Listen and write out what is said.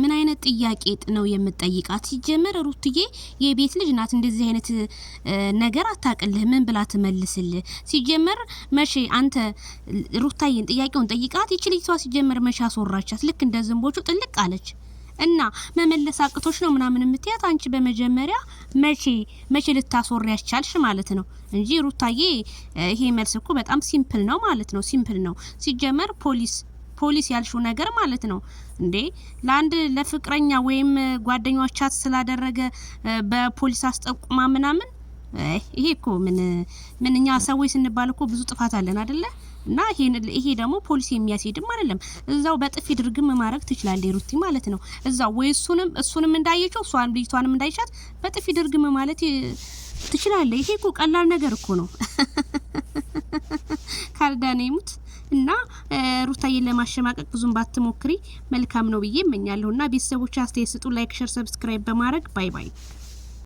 ምን አይነት ጥያቄ ነው የምትጠይቃት? ሲጀመር ሩትዬ የቤት ልጅ ናት። እንደዚህ አይነት ነገር አታቅልህ። ምን ብላ ትመልስልህ? ሲጀመር መቼ አንተ ሩታዬን ጥያቄውን ጠይቃት። ይች ልጅቷ ሲጀመር መቼ አስወራቻት? ልክ እንደ ዝንቦቹ ጥልቅ አለች እና መመለስ አቅቶች ነው ምናምን የምትያት አንቺ። በመጀመሪያ መቼ መቼ ልታስወሪ ያስቻልሽ ማለት ነው እንጂ ሩታዬ፣ ይሄ መልስ እኮ በጣም ሲምፕል ነው ማለት ነው። ሲምፕል ነው ሲጀመር ፖሊስ ፖሊስ ያልሽው ነገር ማለት ነው እንዴ? ለአንድ ለፍቅረኛ ወይም ጓደኛው ቻት ስላደረገ በፖሊስ አስጠቁማ ምናምን ይሄ እኮ ምን ምን እኛ ሰዎች ስንባል እኮ ብዙ ጥፋት አለን አይደለ? እና ይሄ ደግሞ ፖሊስ የሚያስሄድም አይደለም። እዛው በጥፊ ድርግም ማድረግ ትችላለህ ሩቲ ማለት ነው። እዛው ወይ እሱንም እሱንም እንዳየችው እሷን ልጅቷንም እንዳይሻት በጥፊ ድርግም ማለት ትችላለህ። ይሄ እኮ ቀላል ነገር እኮ ነው። ካልዳነ ይሙት እና ሩታዬን ለማሸማቀቅ ብዙም ባትሞክሪ መልካም ነው ብዬ እመኛለሁ። እና ቤተሰቦች አስተያየት ስጡ። ላይክ፣ ሸር፣ ሰብስክራይብ በማድረግ ባይ ባይ